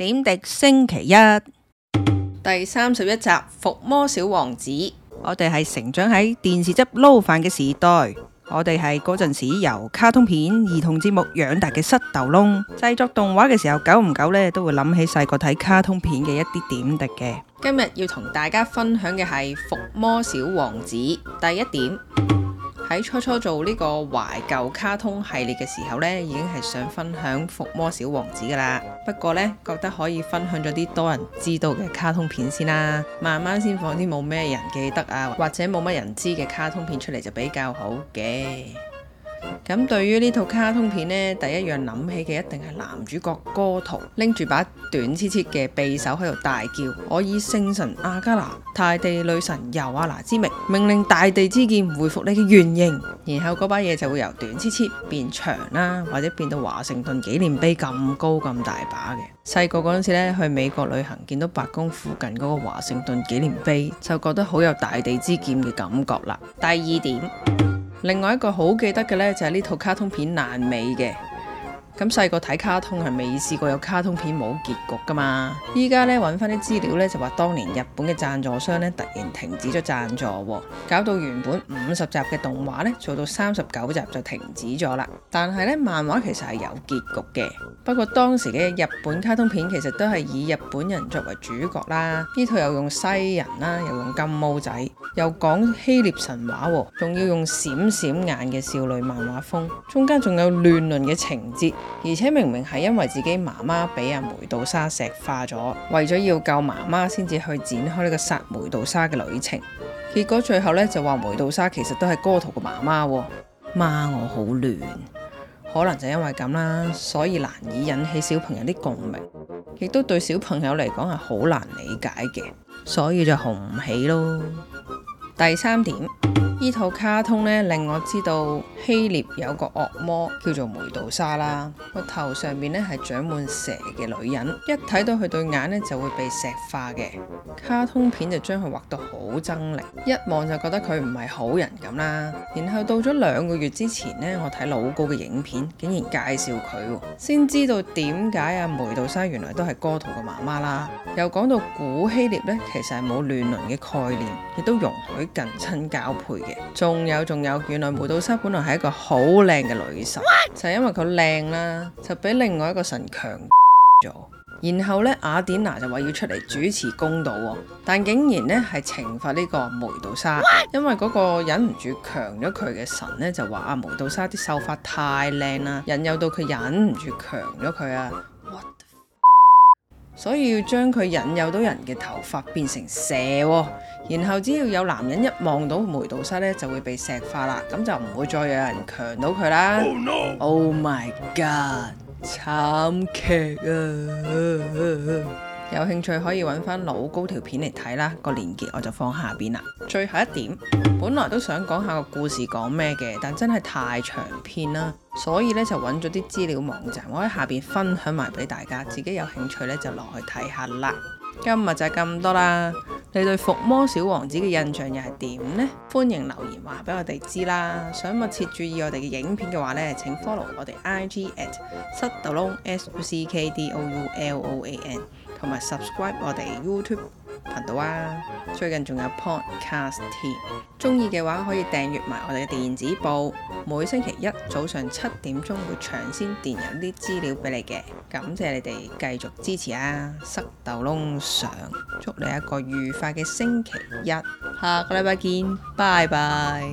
點滴星期一第三十一集《伏魔小王子》， 我哋係成長喺電視汁撈飯嘅時代，我哋係嗰陣時由卡通片、兒童節目養大嘅膝頭窿。製作動畫嘅時候，久唔久呢都會諗起細個睇卡通片嘅一啲點滴嘅。今日要同大家分享嘅係《伏魔小王子》第一點。喺初初做呢個懷舊卡通系列嘅時候呢，已經係想分享《伏魔小王子》㗎喇。不過呢，覺得可以分享咗啲多人知道嘅卡通片先啦，慢慢先放啲冇咩人記得啊，或者冇乜人知嘅卡通片出嚟就比較好嘅。咁對於呢套卡通片呢，第一樣諗起嘅一定係男主角哥圖，拎住把短黐黐嘅匕首喺度大叫：我以聖神阿加拿、泰地女神尤阿娜之名，命令大地之劍回復你嘅原形。然後嗰把嘢就會由短黐黐變長啦，或者變到華盛頓紀念碑咁高咁大把嘅。細個嗰陣時咧，去美國旅行，見到白宮附近嗰個華盛頓紀念碑，就覺得好有大地之劍嘅感覺啦。第二點。另外一個好記得嘅呢，就係呢套卡通片《爛尾》嘅。咁細個睇卡通係未試過有卡通片冇結局㗎嘛？依家呢，揾翻啲資料呢，就話，當年日本嘅贊助商呢突然停止咗贊助喎、哦，搞到原本五十集嘅動畫呢做到三十九集就停止咗啦。但係呢，漫畫其實係有結局嘅，不過當時嘅日本卡通片其實都係以日本人作為主角啦，呢套又用西人啦，又用金毛仔，又講希臘神話、哦，仲要用閃閃眼嘅少女漫畫風，中間仲有亂倫嘅情節。而且明明係因為自己媽媽俾阿梅杜莎石化咗，為咗要救媽媽先至去展開呢個殺梅杜莎嘅旅程，結果最後咧就話梅杜莎其實都係哥圖嘅媽媽。媽，我好亂，可能就因為咁啦，所以難以引起小朋友啲共鳴，亦都對小朋友嚟講係好難理解嘅，所以就紅唔起咯。第三點，依套卡通呢，令我知道希臘有個惡魔叫做梅杜莎啦，個頭上面呢係長滿蛇嘅女人，一睇到佢對眼呢就會被石化嘅。卡通片就將佢畫到好猙獰，一望就覺得佢唔係好人咁啦。然後到咗兩個月之前呢，我睇老高嘅影片，竟然介紹佢喎，先知道點解阿梅杜莎原來都係歌圖嘅媽媽啦。又講到古希臘呢，其實係冇亂倫嘅概念，亦都容許。近親交配嘅，仲有仲有，原來梅杜莎本來係一個好靚嘅女神，就係 What? 因為佢靚啦，就俾另外一個神強咗。然後呢，雅典娜就話要出嚟主持公道喎，但竟然呢係懲罰呢個梅杜莎，What? 因為嗰個忍唔住強咗佢嘅神呢，就話啊梅杜莎啲秀髮太靚啦，引誘到佢忍唔住強咗佢啊。所以要將佢引誘到人嘅頭髮變成蛇喎，然後只要有男人一望到梅杜莎呢，就會被石化啦。咁就唔會再有人強到佢啦。Oh no！Oh my god！慘劇啊！有興趣可以揾翻老高條片嚟睇啦，個連結我就放下邊啦。最後一點，本來都想講下個故事講咩嘅，但真係太長篇啦，所以咧就揾咗啲資料網站，我喺下邊分享埋俾大家，自己有興趣咧就落去睇下啦。今日就係咁多啦，你對《伏魔小王子》嘅印象又係點呢？歡迎留言話俾我哋知啦。想密切注意我哋嘅影片嘅話咧，請 follow 我哋 I G at Skullon S C K D O U L O N。同埋 subscribe 我哋 YouTube 頻道啊！最近仲有 podcast 添，中意嘅話可以訂閱埋我哋嘅電子報。每星期一早上七點鐘會搶先電郵啲資料俾你嘅。感謝你哋繼續支持啊！塞豆窿上，祝你一個愉快嘅星期一，下個禮拜見，拜拜。